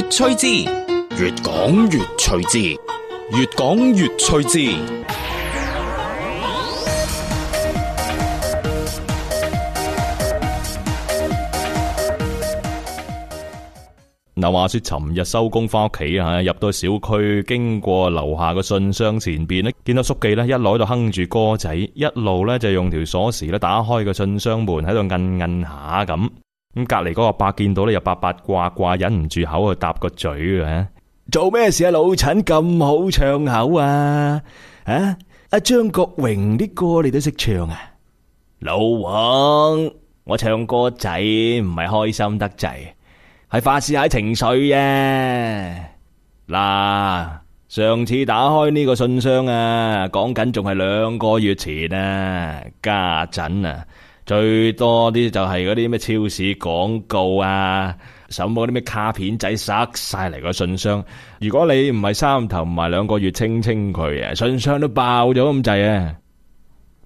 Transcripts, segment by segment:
越講越趣致，越講越趣致。嗱，話說尋日收工翻屋企啊，入到小區，經過樓下個信箱前邊咧，見到叔記咧，一攞到哼住歌仔，一路咧就用條鎖匙咧打開個信箱門，喺度摁摁下咁。咁隔籬嗰個伯見到咧，又八八卦卦，忍唔住口去搭個嘴啊！做咩事啊？老陳咁好唱口啊！啊！阿張國榮啲歌你都識唱啊？老王，我唱歌仔唔係開心得滯，係發洩下情緒啊！嗱，上次打開呢個信箱啊，講緊仲係兩個月前啊，家陣啊。最多啲就係嗰啲咩超市廣告啊，甚麼啲咩卡片仔塞晒嚟個信箱。如果你唔係三頭唔埋兩個月清清佢啊，信箱都爆咗咁滯啊！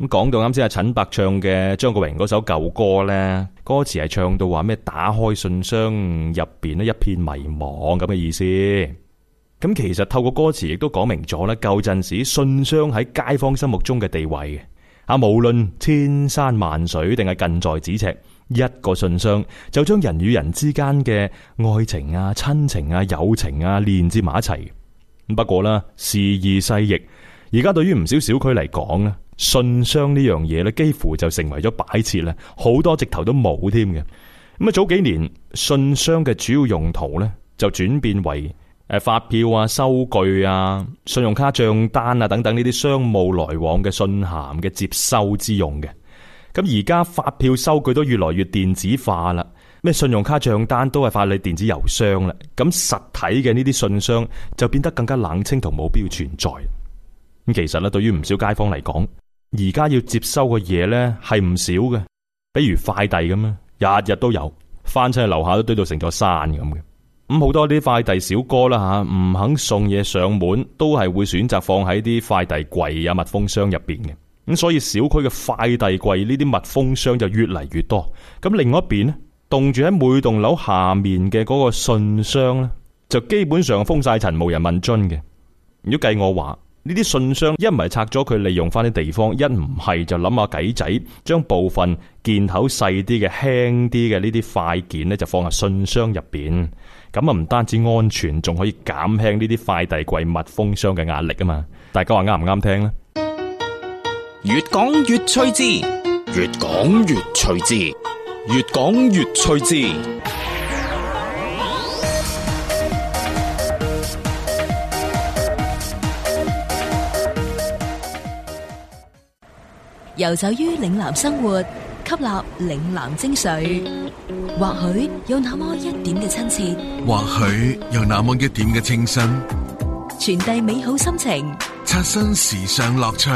咁講到啱先阿陳伯唱嘅張國榮嗰首舊歌呢。歌詞係唱到話咩打開信箱入邊呢一片迷茫咁嘅意思。咁其實透過歌詞亦都講明咗呢，舊陣時信箱喺街坊心目中嘅地位啊！無論千山萬水定係近在咫尺，一個信箱就將人與人之間嘅愛情啊、親情啊、友情啊連接埋一齊。不過啦，時移世易，而家對於唔少小區嚟講咧，信箱呢樣嘢咧，幾乎就成為咗擺設啦，好多直頭都冇添嘅。咁啊，早幾年信箱嘅主要用途呢，就轉變為。誒，發票啊、收據啊、信用卡賬單啊等等呢啲商務來往嘅信函嘅接收之用嘅，咁而家發票、收據都越來越電子化啦，咩信用卡賬單都係發嚟電子郵箱啦，咁實體嘅呢啲信箱就變得更加冷清同冇必要存在。咁其實咧，對於唔少街坊嚟講，而家要接收嘅嘢咧係唔少嘅，比如快遞咁樣，日日都有，翻親去樓下都堆到成座山咁嘅。咁好多啲快遞小哥啦，吓唔肯送嘢上門，都係會選擇放喺啲快遞櫃啊、密封箱入邊嘅。咁所以小區嘅快遞櫃呢啲密封箱就越嚟越多。咁另外一邊咧，凍住喺每棟樓下面嘅嗰個信箱呢，就基本上封晒塵，無人問津嘅。如果計我話，呢啲信箱一唔係拆咗佢，利用翻啲地方；一唔係就諗下計仔，將部分件口細啲嘅、輕啲嘅呢啲快件呢，就放喺信箱入邊。咁啊，唔單止安全，仲可以減輕呢啲快遞櫃密封箱嘅壓力啊嘛！大家話啱唔啱聽咧？越講越趣致，越講越趣致，越講越趣致。游走於嶺南生活，吸納嶺南精髓，或許有那麼一點嘅親切，或許有那麼一點嘅清新，傳遞美好心情，刷新時尚樂趣。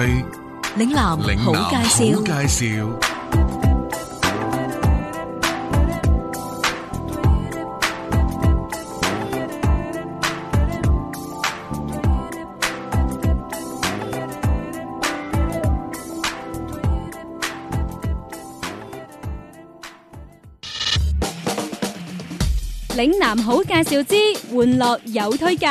嶺南，嶺南好介紹。嶺南好介紹之，玩樂有推介。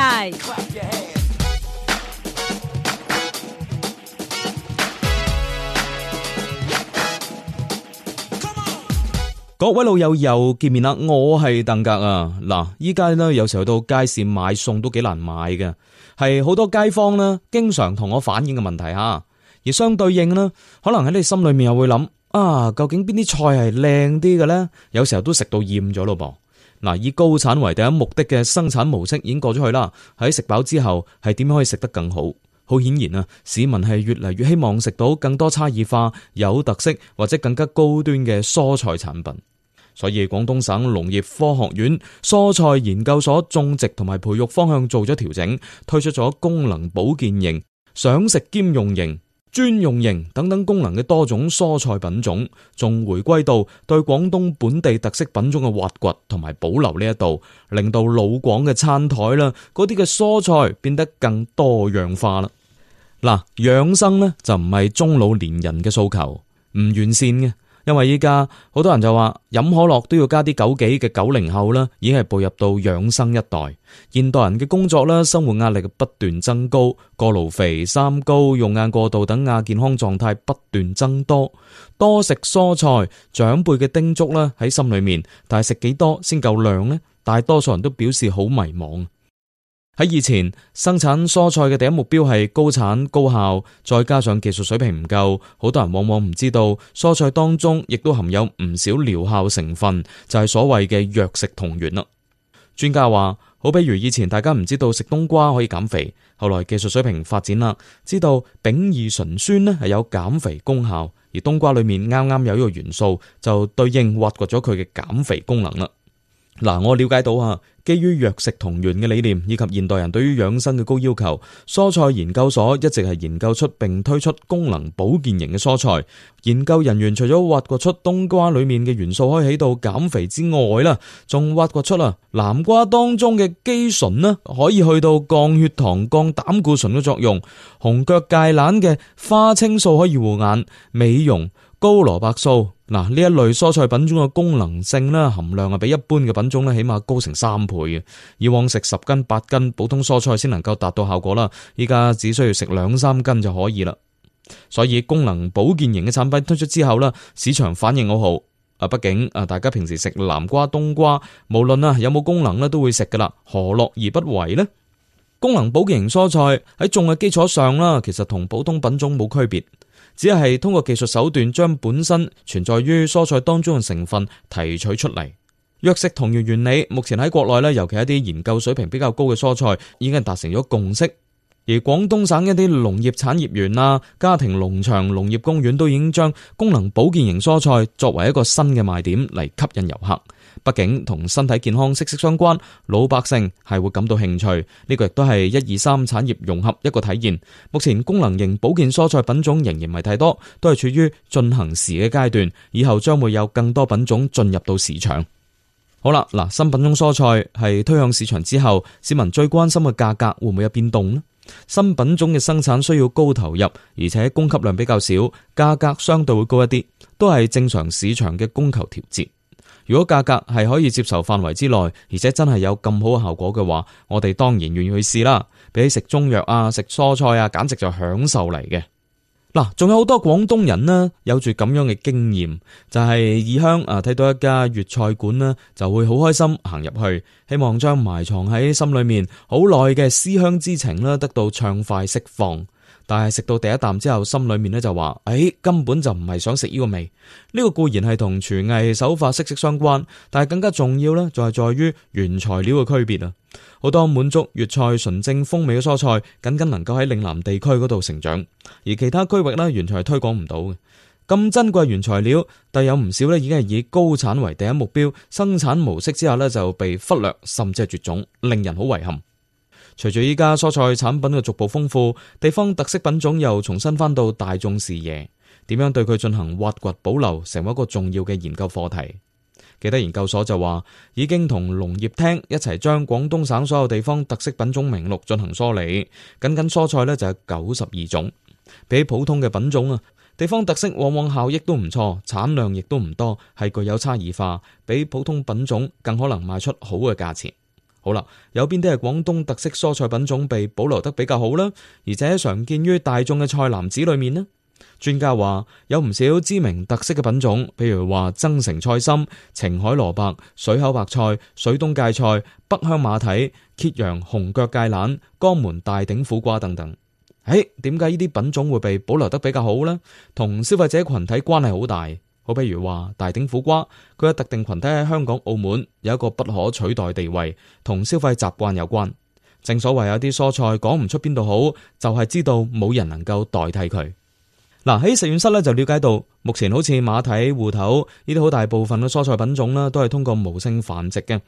各位老友又見面啦，我係鄧格啊。嗱，依家呢，有時候到街市買餸都幾難買嘅，係好多街坊呢，經常同我反映嘅問題吓。而相對應呢，可能喺你心裏面又會諗啊，究竟邊啲菜係靚啲嘅咧？有時候都食到厭咗咯噃。嗱，以高產為第一目的嘅生產模式已經過咗去啦。喺食飽之後，係點樣可以食得更好？好顯然啊，市民係越嚟越希望食到更多差異化、有特色或者更加高端嘅蔬菜產品。所以，廣東省農業科學院蔬菜研究所種植同埋培育方向做咗調整，推出咗功能保健型、賞食兼用型。專用型等等功能嘅多種蔬菜品種，仲回歸到對廣東本地特色品種嘅挖掘同埋保留呢一度，令到老廣嘅餐台啦，嗰啲嘅蔬菜變得更多樣化啦。嗱、啊，養生呢就唔係中老年人嘅訴求，唔完善嘅。因為依家好多人就話，飲可樂都要加啲枸杞嘅九零後啦，已經係步入到養生一代。現代人嘅工作啦，生活壓力不斷增高，過勞肥、三高、用眼過度等亞健康狀態不斷增多。多食蔬菜，長輩嘅叮囑啦喺心裏面，但係食幾多先夠量呢？大多數人都表示好迷茫。喺以前生產蔬菜嘅第一目標係高產高效，再加上技術水平唔夠，好多人往往唔知道蔬菜當中亦都含有唔少療效成分，就係所謂嘅藥食同源啦。專家話，好比如以前大家唔知道食冬瓜可以減肥，後來技術水平發展啦，知道丙二醇酸咧係有減肥功效，而冬瓜裏面啱啱有呢個元素，就對應挖掘咗佢嘅減肥功能啦。嗱，我了解到啊。基於藥食同源嘅理念，以及現代人對於養生嘅高要求，蔬菜研究所一直係研究出並推出功能保健型嘅蔬菜。研究人員除咗挖掘出冬瓜裏面嘅元素可以起到減肥之外啦，仲挖掘出啦南瓜當中嘅肌醇呢，可以去到降血糖、降膽固醇嘅作用。紅腳芥蘭嘅花青素可以護眼美容。高蘿蔔素嗱，呢一類蔬菜品種嘅功能性啦，含量啊比一般嘅品種咧，起碼高成三倍嘅。以往食十斤八斤普通蔬菜先能夠達到效果啦，依家只需要食兩三斤就可以啦。所以功能保健型嘅產品推出之後咧，市場反應好好。啊，畢竟啊，大家平時食南瓜、冬瓜，無論啊有冇功能咧，都會食噶啦，何樂而不為呢？功能保健型蔬菜喺種嘅基礎上啦，其實同普通品種冇區別。只係通過技術手段將本身存在於蔬菜當中嘅成分提取出嚟。藥食同源原理，目前喺國內咧，尤其係一啲研究水平比較高嘅蔬菜，已經達成咗共識。而廣東省一啲農業產業園啊、家庭農場、農業公園都已經將功能保健型蔬菜作為一個新嘅賣點嚟吸引遊客。畢竟同身體健康息息相關，老百姓係會感到興趣。呢個亦都係一二三產業融合一個體現。目前功能型保健蔬菜品種仍然唔係太多，都係處於進行時嘅階段。以後將會有更多品種進入到市場。好啦，嗱，新品種蔬菜係推向市場之後，市民最關心嘅價格會唔會有變動呢？新品種嘅生產需要高投入，而且供給量比較少，價格相對會高一啲，都係正常市場嘅供求調節。如果價格係可以接受範圍之內，而且真係有咁好嘅效果嘅話，我哋當然願意去試啦。比起食中藥啊、食蔬菜啊，簡直就享受嚟嘅。嗱，仲有好多廣東人呢，有住咁樣嘅經驗，就係異鄉啊睇到一家粵菜館呢，就會好開心行入去，希望將埋藏喺心裏面好耐嘅思鄉之情呢，得到暢快釋放。但係食到第一啖之後，心裏面咧就話，哎，根本就唔係想食呢個味。呢個固然係同廚藝手法息息相關，但係更加重要呢，就係在於原材料嘅區別啊！好多滿足粵菜純正風味嘅蔬菜，僅僅能夠喺嶺南地區嗰度成長，而其他區域咧完全係推廣唔到嘅。咁珍貴原材料，但有唔少呢已經係以高產為第一目標，生產模式之下呢，就被忽略，甚至係絕種，令人好遺憾。隨住依家蔬菜產品嘅逐步豐富，地方特色品種又重新翻到大眾視野。點樣對佢進行挖掘、保留，成為一個重要嘅研究課題。記得研究所就話，已經同農業廳一齊將廣東省所有地方特色品種名錄進行梳理。僅僅蔬菜呢，就係九十二種，比普通嘅品種啊，地方特色往往效益都唔錯，產量亦都唔多，係具有差異化，比普通品種更可能賣出好嘅價錢。好啦，有邊啲係廣東特色蔬菜品種被保留得比較好呢？而且常見於大眾嘅菜籃子裏面呢？專家話有唔少知名特色嘅品種，譬如話增城菜心、澄海蘿蔔、水口白菜、水東芥菜、北鄉馬蹄、揭陽紅腳芥蘭、江門大頂苦瓜等等。誒，點解呢啲品種會被保留得比較好呢？同消費者群體關係好大。我比如話大頂苦瓜，佢嘅特定群體喺香港、澳門有一個不可取代地位，同消費習慣有關。正所謂有啲蔬菜講唔出邊度好，就係知道冇人能夠代替佢。嗱，喺實驗室咧，就了解到，目前好似馬蹄、芋頭呢啲好大部分嘅蔬菜品種啦，都係通過無性繁殖嘅。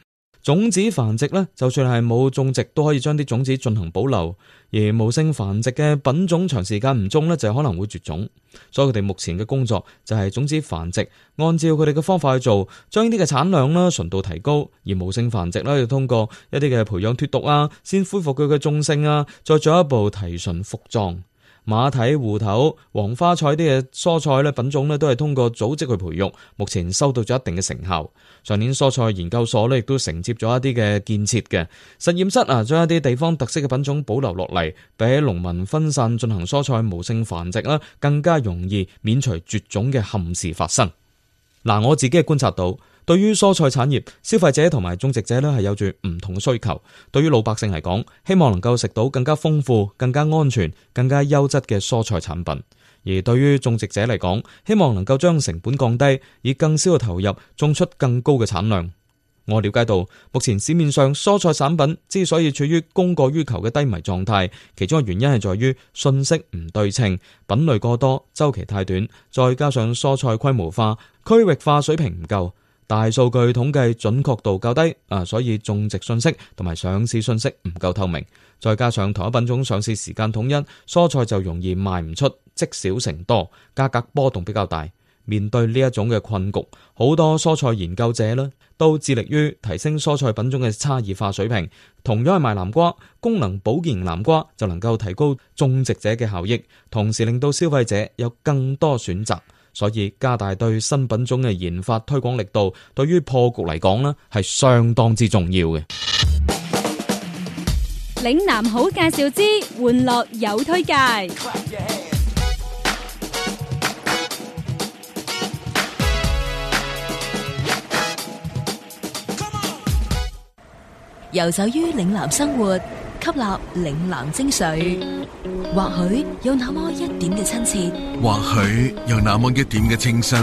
種子繁殖咧，就算係冇種植都可以將啲種子進行保留；而無性繁殖嘅品種長時間唔種咧，就可能會絕種。所以佢哋目前嘅工作就係種子繁殖，按照佢哋嘅方法去做，將呢啲嘅產量啦純度提高；而無性繁殖咧，要通過一啲嘅培養脫毒啊，先恢復佢嘅種性啊，再進一步提純復壯。馬蹄、芋頭、黃花菜啲嘅蔬菜咧，品種咧都係通過組織去培育，目前收到咗一定嘅成效。上年蔬菜研究所咧亦都承接咗一啲嘅建設嘅實驗室啊，將一啲地方特色嘅品種保留落嚟，比農民分散進行蔬菜無性繁殖啦，更加容易免除絕種嘅憾事發生。嗱，我自己係觀察到。對於蔬菜產業，消費者同埋種植者咧係有住唔同需求。對於老百姓嚟講，希望能夠食到更加豐富、更加安全、更加優質嘅蔬菜產品；而對於種植者嚟講，希望能夠將成本降低，以更少嘅投入種出更高嘅產量。我了解到，目前市面上蔬菜產品之所以處於供過於求嘅低迷狀態，其中嘅原因係在於信息唔對稱、品類過多、周期太短，再加上蔬菜規模化、區域化水平唔夠。大數據統計準確度較低，啊，所以種植信息同埋上市信息唔夠透明，再加上同一品種上市時間統一，蔬菜就容易賣唔出，積少成多，價格波動比較大。面對呢一種嘅困局，好多蔬菜研究者呢，都致力於提升蔬菜品種嘅差異化水平。同樣係賣南瓜，功能保健南瓜就能夠提高種植者嘅效益，同時令到消費者有更多選擇。所以加大對新品種嘅研發推廣力度，對於破局嚟講咧，係相當之重要嘅。嶺南好介紹之玩樂有推介，遊走於嶺南生活。吸納嶺南精髓，或許有那麼一點嘅親切，或許有那麼一點嘅清新，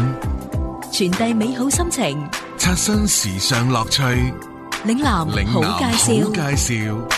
傳遞美好心情，刷新時尚樂趣。嶺南好介紹。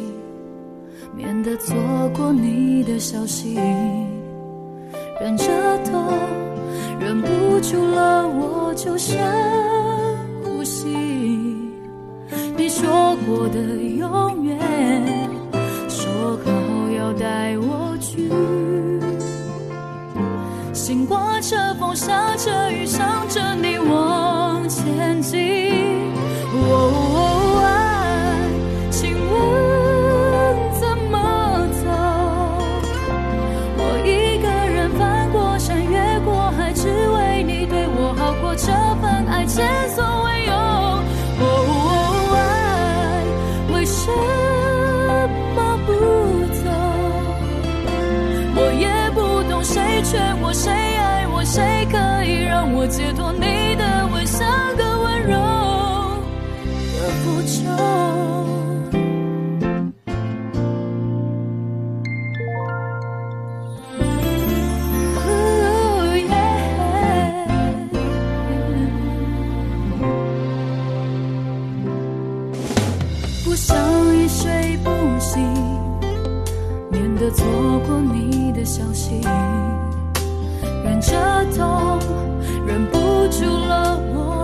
的錯過你的消息，忍着痛，忍不住了，我就深呼吸。你說過的永遠，說好要帶我去，心刮着風，下着雨，想着你，往前進。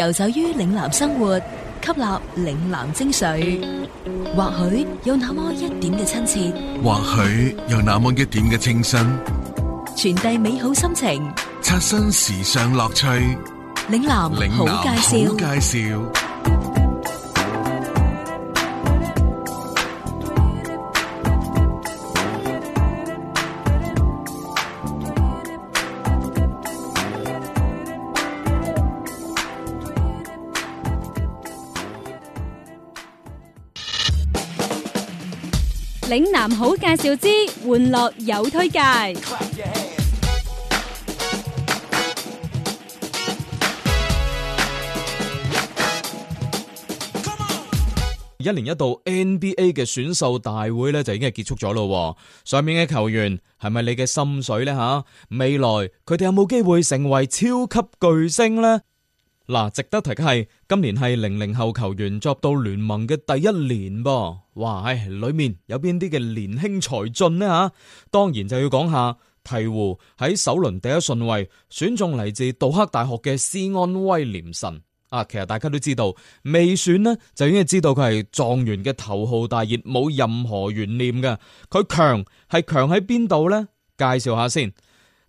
遊走於嶺南生活，吸納嶺南精髓，或許有那麼一點嘅親切，或許有那麼一點嘅清新，傳遞美好心情，刷新時尚樂趣。嶺南好介紹。嶺南好介紹之，玩樂有推介。一年一度 NBA 嘅選秀大會咧，就已經係結束咗咯。上面嘅球員係咪你嘅心水咧？吓，未來佢哋有冇機會成為超級巨星咧？嗱，值得提嘅係今年係零零後球員作到聯盟嘅第一年噃，哇！唉，裏面有邊啲嘅年輕才俊呢？啊，當然就要講下鵜鶘喺首輪第一順位選中嚟自杜克大學嘅斯安威廉臣。啊，其實大家都知道未選呢就已經知道佢係狀元嘅頭號大熱，冇任何懸念嘅。佢強係強喺邊度呢？介紹下先。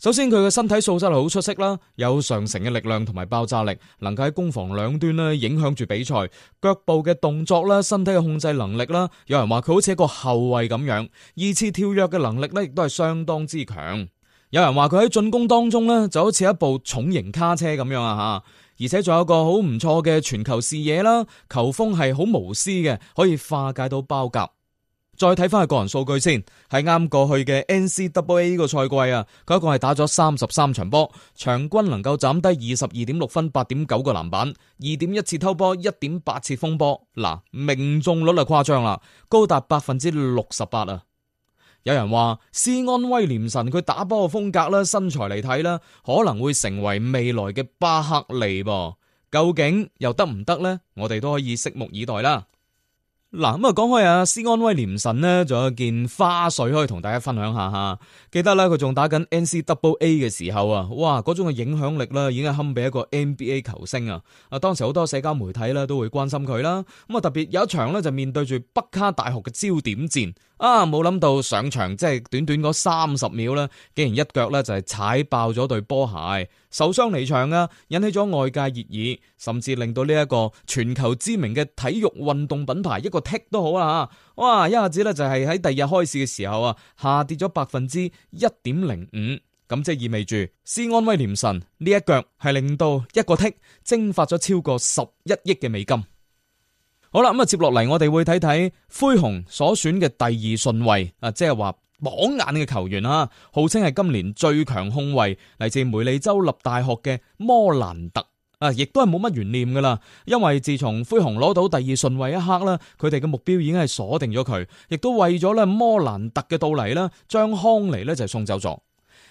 首先佢嘅身體素質好出色啦，有上乘嘅力量同埋爆炸力，能夠喺攻防兩端咧影響住比賽。腳步嘅動作啦，身體嘅控制能力啦，有人話佢好似一個後衛咁樣。二次跳躍嘅能力咧，亦都係相當之強。有人話佢喺進攻當中咧，就好似一部重型卡車咁樣啊吓！而且仲有個好唔錯嘅全球視野啦，球風係好無私嘅，可以化解到包夾。再睇翻佢個人數據先，係啱過去嘅 NCAA 個賽季啊，佢一共係打咗三十三場波，場均能夠斬低二十二點六分、八點九個籃板、二點一次偷波、一點八次封波。嗱、啊，命中率啊誇張啦，高達百分之六十八啊！有人話施安威廉神佢打波嘅風格啦、身材嚟睇啦，可能會成為未來嘅巴克利噃？究竟又得唔得呢？我哋都可以拭目以待啦。嗱咁啊，講開啊，施安威廉臣咧，仲有一件花絮可以同大家分享下吓。記得咧，佢仲打緊 N C Double A 嘅時候啊，哇，嗰種嘅影響力咧，已經係堪比一個 N B A 球星啊！啊，當時好多社交媒體咧都會關心佢啦。咁啊，特別有一場咧，就面對住北卡大學嘅焦點戰。啊！冇諗到上場即係短短嗰三十秒啦，竟然一腳咧就係踩爆咗對波鞋，受傷離場啊！引起咗外界熱議，甚至令到呢一個全球知名嘅體育運動品牌一個剔都好啦，哇！一下子咧就係喺第二日開市嘅時候啊，下跌咗百分之一點零五，咁即係意味住斯安威廉臣呢一腳係令到一個剔蒸發咗超過十一億嘅美金。好啦，咁啊，接落嚟我哋會睇睇灰熊所選嘅第二順位啊，即係話榜眼嘅球員啦，號稱係今年最強控衛，嚟自梅里州立大學嘅摩蘭特啊，亦都係冇乜懸念噶啦，因為自從灰熊攞到第二順位一刻啦，佢哋嘅目標已經係鎖定咗佢，亦都為咗咧摩蘭特嘅到嚟啦，將康尼咧就送走咗。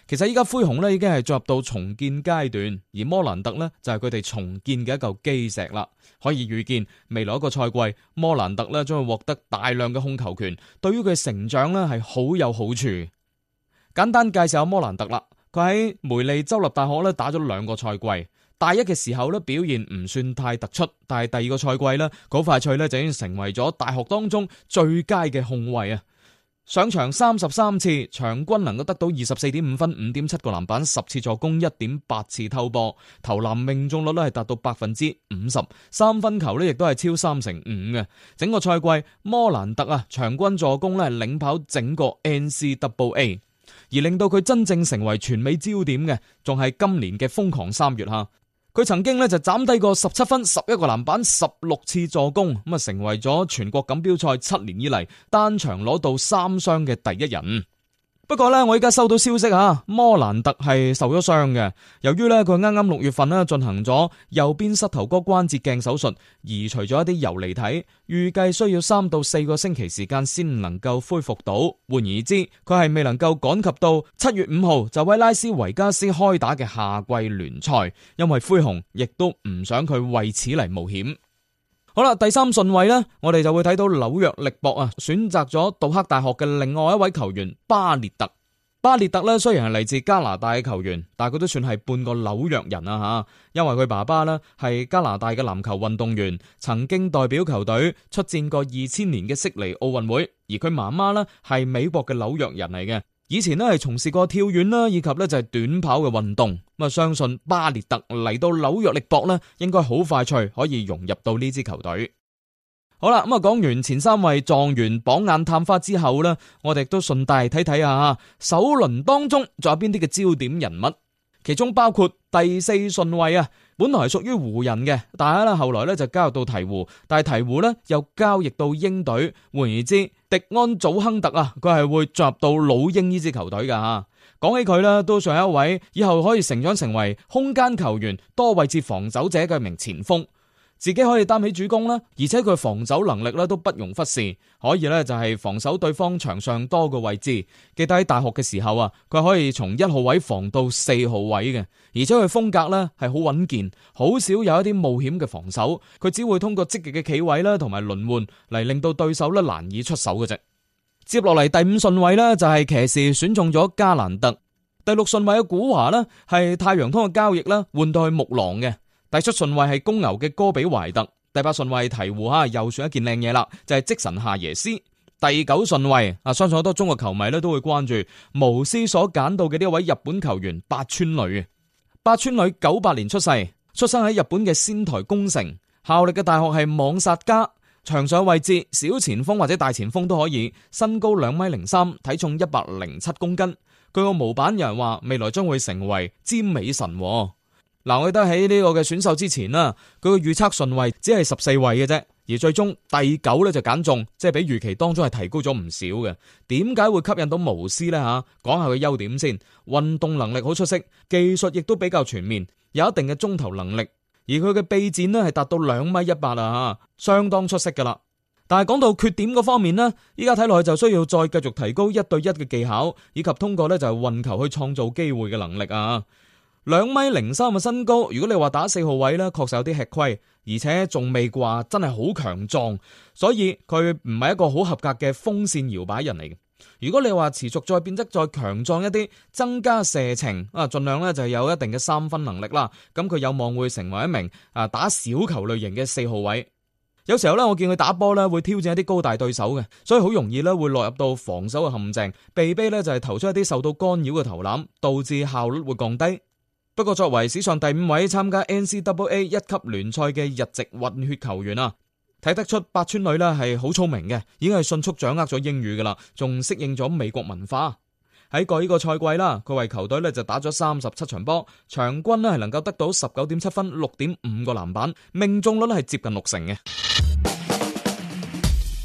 其實依家灰熊咧已經係進入到重建階段，而摩蘭特咧就係佢哋重建嘅一嚿基石啦。可以預見未來一個賽季，摩蘭特咧將會獲得大量嘅控球權，對於佢成長咧係好有好處。簡單介紹下摩蘭特啦，佢喺梅利州立大學咧打咗兩個賽季，大一嘅時候咧表現唔算太突出，但係第二個賽季咧嗰塊菜咧就已經成為咗大學當中最佳嘅控衛啊！上場三十三次，場均能夠得到二十四點五分、五點七個籃板、十次助攻、一點八次偷波，投籃命中率咧係達到百分之五十，三分球咧亦都係超三成五嘅。整個賽季，摩蘭特啊，場均助攻咧係領跑整個 NCAA，而令到佢真正成為全美焦點嘅，仲係今年嘅瘋狂三月吓。佢曾經咧就斬低過十七分，十一個籃板，十六次助攻，成為咗全國錦標賽七年以嚟單場攞到三雙嘅第一人。不過咧，我依家收到消息啊，摩蘭特係受咗傷嘅。由於咧，佢啱啱六月份咧進行咗右邊膝頭哥關節鏡手術，移除咗一啲游離體，預計需要三到四個星期時間先能夠恢復到。換而言之，佢係未能夠趕及到七月五號就喺拉斯維加斯開打嘅夏季聯賽，因為灰熊亦都唔想佢為此嚟冒險。好啦，第三順位咧，我哋就會睇到紐約力博啊，選擇咗杜克大學嘅另外一位球員巴列特。巴列特咧雖然係嚟自加拿大嘅球員，但佢都算係半個紐約人啊吓，因為佢爸爸呢，係加拿大嘅籃球運動員，曾經代表球隊出戰過二千年嘅悉尼奧運會，而佢媽媽呢，係美國嘅紐約人嚟嘅。以前都係從事過跳遠啦，以及咧就係短跑嘅運動。咁啊，相信巴列特嚟到紐約力搏呢，應該好快脆可以融入到呢支球隊。好啦，咁啊講完前三位狀元榜眼、探花之後呢，我哋都順帶睇睇下首輪當中仲有邊啲嘅焦點人物，其中包括第四順位啊。本來係屬於湖人嘅，但係咧後來咧就加入到鵜鶘。但係鵜鶘咧又交易到鷹隊，換言之，迪安祖亨特啊，佢係會加入到老鷹呢支球隊噶吓。講起佢咧，都上一位以後可以成長成為空間球員、多位置防守者嘅名前鋒。自己可以擔起主攻啦，而且佢防守能力咧都不容忽視，可以咧就係防守對方場上多個位置。記得喺大學嘅時候啊，佢可以從一號位防到四號位嘅，而且佢風格咧係好穩健，好少有一啲冒險嘅防守，佢只會通過積極嘅企位啦同埋輪換嚟令到對手咧難以出手嘅啫。接落嚟第五順位咧就係騎士選中咗加蘭特，第六順位嘅古華咧係太陽通嘅交易啦，換到去木狼嘅。第七順位係公牛嘅哥比懷特，第八順位鵜鶘。啊又算一件靚嘢啦，就係、是、即神夏耶斯。第九順位啊，相信好多中國球迷咧都會關注，巫師所揀到嘅呢位日本球員八村塁。八村塁九八年出世，出生喺日本嘅仙台宮城，效力嘅大學係網殺家場，上位置小前鋒或者大前鋒都可以，身高兩米零三，體重一百零七公斤。佢個模板，有人話未來將會成為尖美神。嗱，我記得喺呢個嘅選秀之前啦，佢嘅預測順位只係十四位嘅啫，而最終第九咧就揀中，即係比預期當中係提高咗唔少嘅。點解會吸引到巫師呢？吓，講下佢優點先，運動能力好出色，技術亦都比較全面，有一定嘅中投能力，而佢嘅臂展呢係達到兩米一八啊，相當出色噶啦。但係講到缺點個方面呢，依家睇落去就需要再繼續提高一對一嘅技巧，以及通過咧就係運球去創造機會嘅能力啊。兩米零三嘅身高，如果你話打四號位呢，確實有啲吃虧，而且仲未話真係好強壯，所以佢唔係一個好合格嘅鋒線搖擺人嚟嘅。如果你話持續再變得再強壯一啲，增加射程啊，盡量呢就係有一定嘅三分能力啦。咁佢有望會成為一名啊打小球類型嘅四號位。有時候呢，我見佢打波呢會挑戰一啲高大對手嘅，所以好容易呢會落入到防守嘅陷阱，被逼呢就係投出一啲受到干擾嘅投籃，導致效率會降低。不過作為史上第五位參加 NCAA 一級聯賽嘅日籍混血球員啊，睇得出八村壘呢係好聰明嘅，已經係迅速掌握咗英語㗎喇，仲適應咗美國文化。喺過呢個賽季啦，佢為球隊呢就打咗三十七場波，場均呢係能夠得到十九點七分、六點五個籃板，命中率呢係接近六成嘅。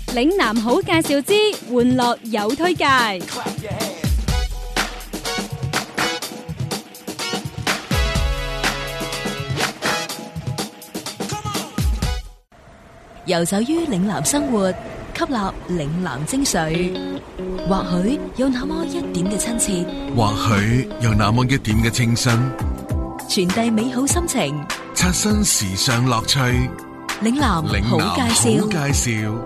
嶺南好介紹之，玩樂有推介。遊走於嶺南生活，吸納嶺南精髓，或許有那麼一點嘅親切，或許有那麼一點嘅清新，傳遞美好心情，刷新時尚樂趣。嶺南好介紹。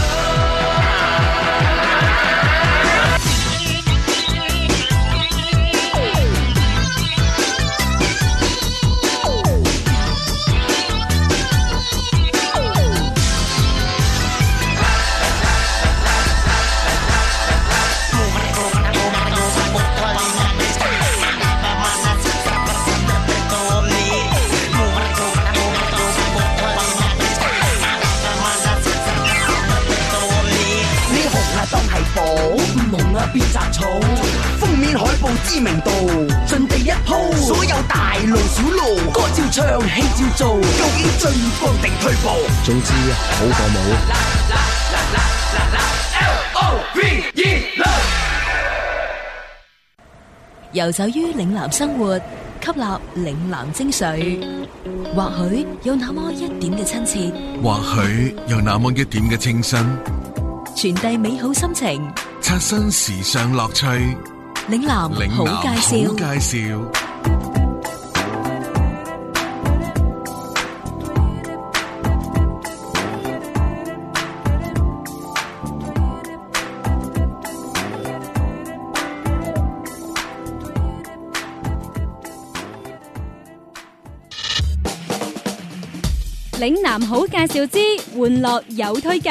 變雜草，封面海報知名度，盡地一鋪，所有大路小路，歌照唱，戲照做，究竟進步定退步？總之，好過冇。游走於嶺南生活，吸納嶺南精髓，或許有那麼一點嘅親切，或許有那麼一點嘅清新。傳遞美好心情，刷新時尚樂趣。嶺南好介紹，嶺南好介紹。嶺南好介紹之玩樂有推介。